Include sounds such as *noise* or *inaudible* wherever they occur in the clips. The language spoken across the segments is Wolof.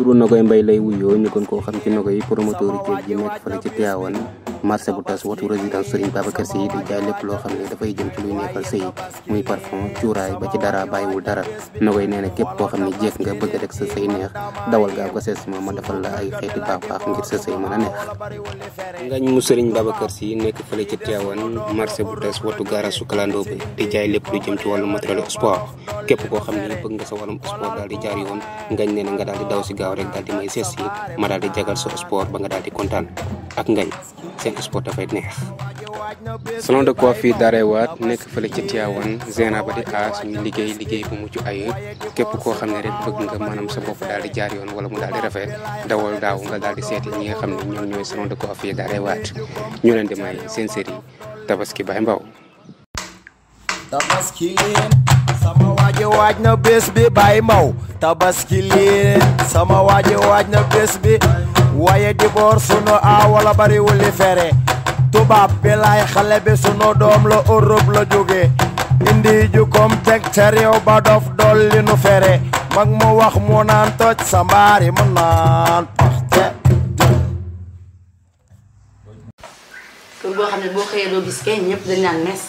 turu Nogaye Mbaye lay wuyoo ñu gën koo xam ci Nogaye promoteur yi ceeb ji nekk fële ci marché bu tas watu résidence Serigne Babacar Sy di jaay lépp loo xam ne dafay jëm ci luy neexal sëy muy parfum cuuraay ba ci dara wul dara na koy nee na képp koo xam ne jeex nga bëgg rek sa sëy neex dawal gaaw ko sees ma ma defal la ay xeeti baax a neex ngañ mu Serigne Babacar Sy nekk fële ci Tivaouane marché bu tas watu gaara su kalandoo bi di jaay lépp lu jëm ci wàllu matériel sport képp koo xam ne bëgg nga sa wàllum sport daal di jaar yoon ngañ nee nga daal di daw si gaaw rek daal di may sees yi ma daal di jagal sa sport ba nga daal di kontaan ak ngañ seen sport dafay neex. salon de coiffure Darewaat nekk fële ci Tivaouane Zeyna ba di aas ñu liggéey liggéey bu mucc ayib képp koo xam ne rek bëgg nga maanaam sa bopp daal di jaar yoon wala mu daal di rafet dawal daaw nga daal di seete ñi nga xam ne ñoom ñooy salon de coiffure Darewaat ñu leen di may seen série Tabaski Baye Mbaw. Tabaski leen sama waaji waaj na bés bi Baye Mbaw Tabaski sama waaji waaj na bés bi. waaye di sunu aawala bariwul li fere tubaab bi lay xale bi sunu doom la Europe la jóge indi ju kom teg ca réew ba dof dolli nu fere mag mu wax mu naan toj sa mbaari mu naan paxte kër goo xam ne boo xëyee doo kenn ñëpp dañ naan mes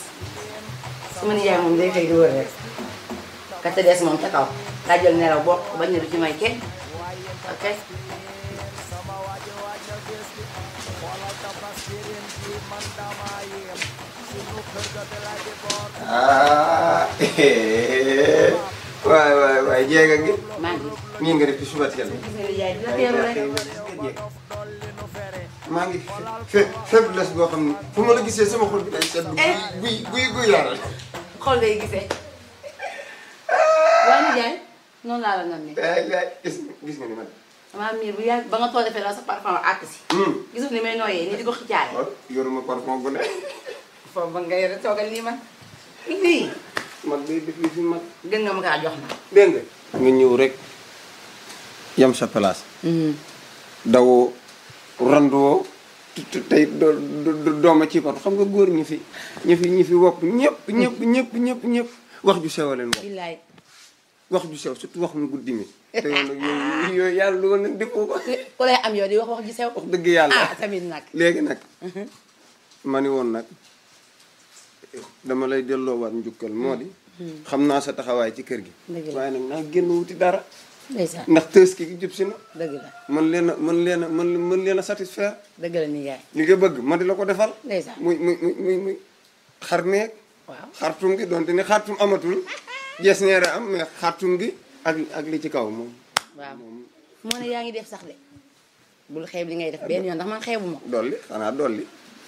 ah *laughs* waay waay waay ngi. maa ngi nii nga def ci suba teel. maa xam ne fu ma la gisee sama xol bi day sedd. Eh. guy guy guy yaaral. xol ngay gisee. Ah. waaw Ndiaye noonu laa la namee. gis gis nga ni man. maa bu yàgg ba nga toll defee la sa parfum àkk si. gisuf ni may nooyee nii di ko xiccaale. Oh, yoruma parfum bu ne. *laughs* foofu ba nga yore toogal nii man lii mag day mag gën nga ma kaa jox na ñëw rek yam sa place mm. dawoo randuwoo tey dooma ci par xam nga góor ñi fi ñi fi fi wopp ñëpp ñëpp ñëpp wax ju sew leen wax wax ju sew surtout wax guddi mi te yow nag yooyu yooyu yàlla dëgg yàlla ah léegi nag mhm. ma woon nag dama lay delloowaat njukkal moo di. Hmm. xam naa sa taxawaay ci kër gi. waaye nag naa génn wuti dara. ndax tës ki jub si na. mën leen a mën leen mën leen a satisfaire. dëgg la ni li nga bëgg ma di la ko defal. muy muy muy muy xar neeg. waaw xartum gi donte ni xartum amatul. jees neere am mais xartum gi ak li ci kaw moom. moo ne yaa ngi def sax de. bul xeeb li ngay def benn yoon ndax man xeebu ma. dolli xanaa dolli.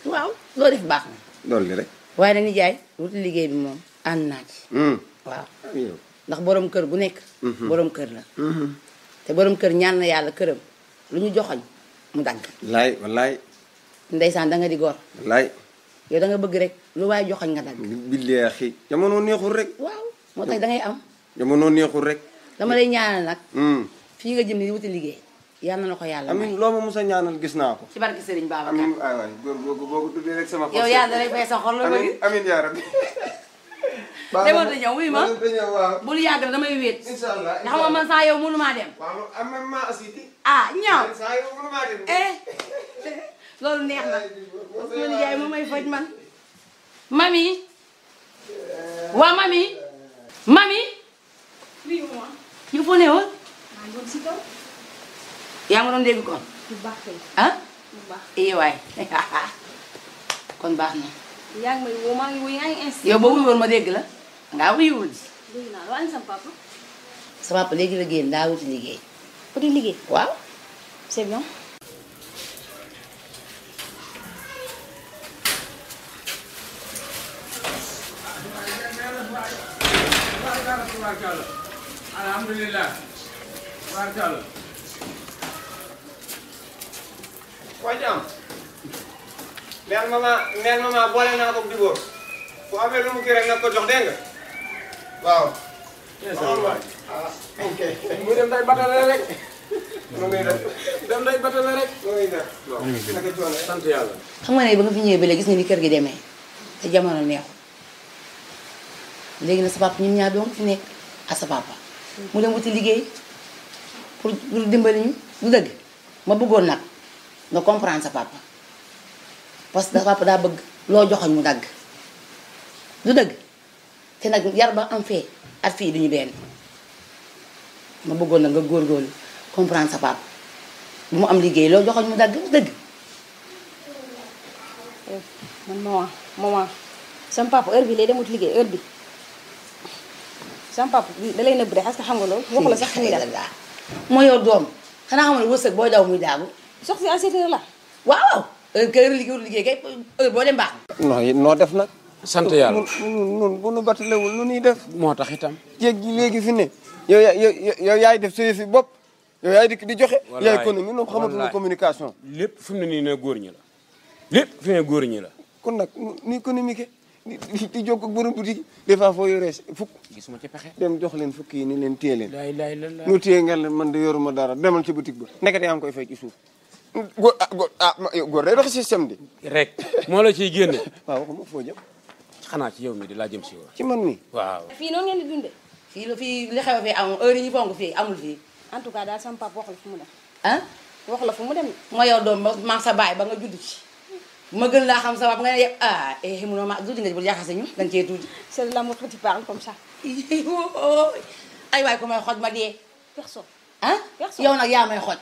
waaw loo def baax na. dolli rek. waaye nag nijaay wuti liggéey bi moom ànd naa ci. Hmm. waaw ndax borom kër bu nekk. Hmm. borom kër la. Hmm. te borom kër ñaan na yàlla këram lu ñu joxoñ mu dagg. wallaay wallaay. ndeysaan da nga di góor. wallaay. yow da nga bëgg rek lu waaye joxoñ nga dagg. billaahi jamono neexul rek. waaw moo tax dangay ngay am. jamono neexul rek. dama lay ñaanal nag. fii nga jëm ni wuti liggéey. yal na ko yàlla may amiin a ñaanal gis naa ko. ci barke Serigne Babacar amiin waay waay góor boo ko tuddee la bëgg amiin yaa rabbi. *laughs* demoon na ma bul yàgg damay wéet. incha allah ma man saa yow mënu maa ah ñaaw saa yow mënu maa *laughs* eh, loolu neex na parce *laughs* que nijaay moom may faj man. mami. waa yaa ma doon dégg kon. bu baax kay. ah. bu baax eh waay *laughs* kon baax na. yaa ngi may woo maa ngi wuy yaa ngi insisté. yow boo wuy woon ma dégg la ngaa wuyuwul ji. dégg naa loo andi sama papa. sa papa léegi la génn daa wuti liggéey. wuti liggéey waaw. c'est bon. alhamdulilah. wax ji am ma ma neel naa ko divorce bu amee lu mu kii rek ko jox dégg nga waaw. Ah, ok *laughs* dem day batale rek. mu day batale rek. xam nga ne ba nga fi ñëwee ba léegi gis nga ni kër gi demee te jamono neexul léegi na sa papa ñun ñaar doon fi nekk ak sa papa mu dem wuti liggéey pour pour dimbali ñu du dëgg ma bëggoon nag. nga comprendre sa papa parce que sa daa bëgg loo joxoñ mu dagg du dëgg te nag yar ba am fee at fii duñu benn ma bëggoon nag nga góorgóorlu comprendre sa papa bu mu am liggéey loo joxoñ mu dagg dëgg man maman maman sama papa heure bi lay demut liggéey heure bi sama papa nëbb de parce xam nga loolu waxu la sax muy daal moo yor doom xanaa xam wërsëg booy daw muy daagu soxna si en sept la waaw heure kër liggéey liggéey kay heure boo dem baax noo def nag sant yàlla nun bu nu batalewul lu ñuy def moo tax itam jéeg gi léegi fi ne yow yaay def sa yëfi bopp yow yaay dikk di joxe yaay kon ñu ñoom xamatuñu communication lépp fi mu ne nii ne góor ñi la lépp ñi la kon nag ni communiqué di jokk ak borom boutique des fois foo yoree fukk gisuma ci pexe dem jox leen fukk yi ni leen téye leen laay laay la ñu téye ngeen leen man de yoruma dara demal ci boutique ba nekk yaa ngi koy fay ci suuf góor ah góor ah góor day dox système bi. rek moo la ciy génne. waaw waxuma foo jëm. xanaa ci yow mi di laa jëm si ci man mi waaw. fii noonu ngeen di dundee. fii la fii li xew fii amul heure yi ñu bong fii amul fii. en tout cas daal sama papa wax la fu mu dem. ah wax la fu mu dem. moo yow doom ba maa sa baay ba nga judd ci. ma gën laa xam sa waat nga ne yëpp ah eh munoo ma tuuti nga bu jaxase ñu dañ cee tuuti. c'est l'amour qui parle comme ça. ay waay ko may xoj ma dee. personne ah. personne yow nag yaa may xoj.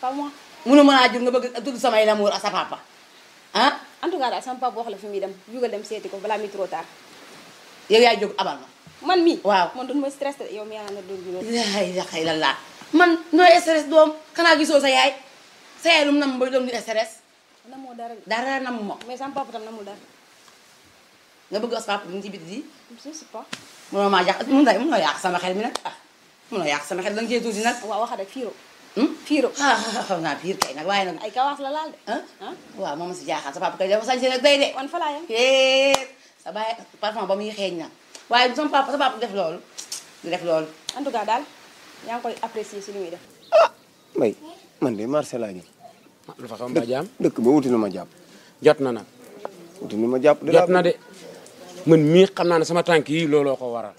pas moi. munu ma laa jur nga bëgg a tudd samay lamuur a sa papa ah. en tout cas daal sama papa wax la fi muy dem jugal dem seeti ko balaa muy trop tard. yaay jóg abal ma. man mi waaw man doon ma stress yow mi yaa na dóor juróom. man nooy stress doom xanaa sa yaay sa yaay lu mu nam ba doom di stress. namoo dara dara namu ma. mais sama papa tam namul dara. nga bëgg as papa bi mu ci biti di. je sais pas. munoo maa yàq munoo yàq sama xel mi nag ah munoo yàq sama xel danga cee tuuti nag. waaw wax dëgg fii Hmm? fiiro *laughs* xam naa fiir kay nag waaye nag ay kawaas la laal de waaw moom si jaaxal sa papa kay ah, man de marché laa ñëw ah, dëkk ba wuti ma jàpp jot na nag wuti ma jàpp jot na de man mii xam naa ne sama tànk yi looloo ko waral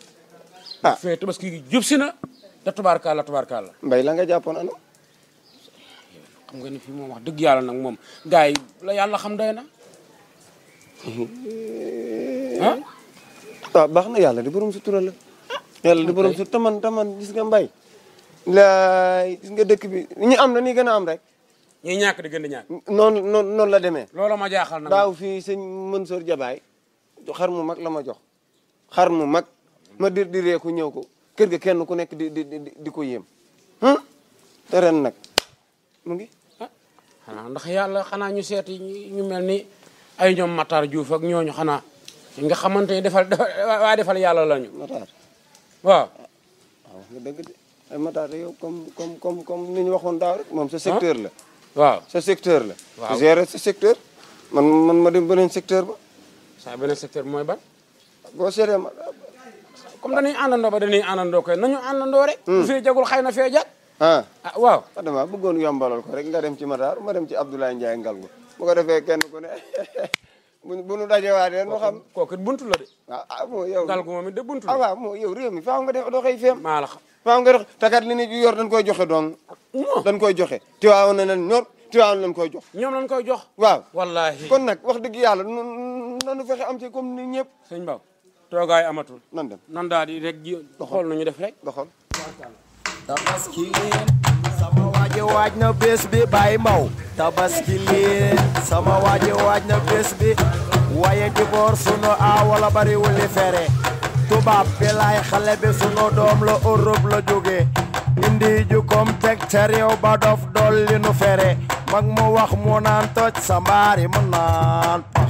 ah. fee tabaski gi jub si na da tubaarkaal la tubaarkaal la mbay la nga jàppoon ano xam nga ni fii moom wax dëgg yàlla nag moom gars yi la yàlla xam doy na. Hmm. Ah? ah. baax na yàlla di borom sutura la. Ah. yàlla di borom sutura taman taman gis nga mbay. dëkk bi ñi am na ni gën a am rek. ñuy ñàkk di la demee. loolu ma jaaxal nag daaw fii sëñ Mansour Jabaay xar mu mag la ma jox xar mu mag ma dir di reeku ñëw ko kër ga kenn ku nekk di di di ko yéem. Hmm? te ren nag mu xanaa ndax yàlla xanaa ñu seeti ñu mel ni ay ñoom Matar Diouf ak ñooñu xanaa nga xamante ni defal waa defal yàlla lañu. Matar waaw. waaw ah, wax de ay Matar yow comme comme comme waxoon daal rek moom sa secteur la. Ah? waaw sa secteur la. waaw gérer sa secteur. man man ma dem beneen secteur ba. saa beneen secteur mooy ban. boo seetee ma. comme dañuy àndandoo ba dañuy àndandoo koy nañu àndandoo rek. bu hmm. fee jagul xëy na fee jag. ah waaw dama ah, bëggoon yombalal ko rek nga dem ci Matar ma dem ci Abdoulaye Ndiaye Ngalgu bu ko defee kenn ku ne *laughs* bu nu dajewaatee nu xam kooku buntu la de ah mo ah, yow Ngalgu moom it de buntu la ah waaw mo mi faaw nga def doxee feem maa la xam faaw nga dox takat li nit yor dañ koy joxe dong dañ koy joxe tiwaaw na leen ñor tiwaaw lañ koy jox ñoom lañ koy jox waaw wallaahi kon nag wax dëgg yàlla nanu fexe am ci comme ni ñëpp sëñ Ba toogaay amatul nan dem nan daal di rek ji xool nañu def rek doxal tabaski leen sama waaje waaj na bés bi Baye Maw tabaski sama waaje na bés bi waaye jiboor sunu aawa la bariwul fere tubaab bi xale bi sunu doom la Europe la jóge indi ju teg ca ba dof dolli nu fere mag mu wax mu naan toj sa mbaari mu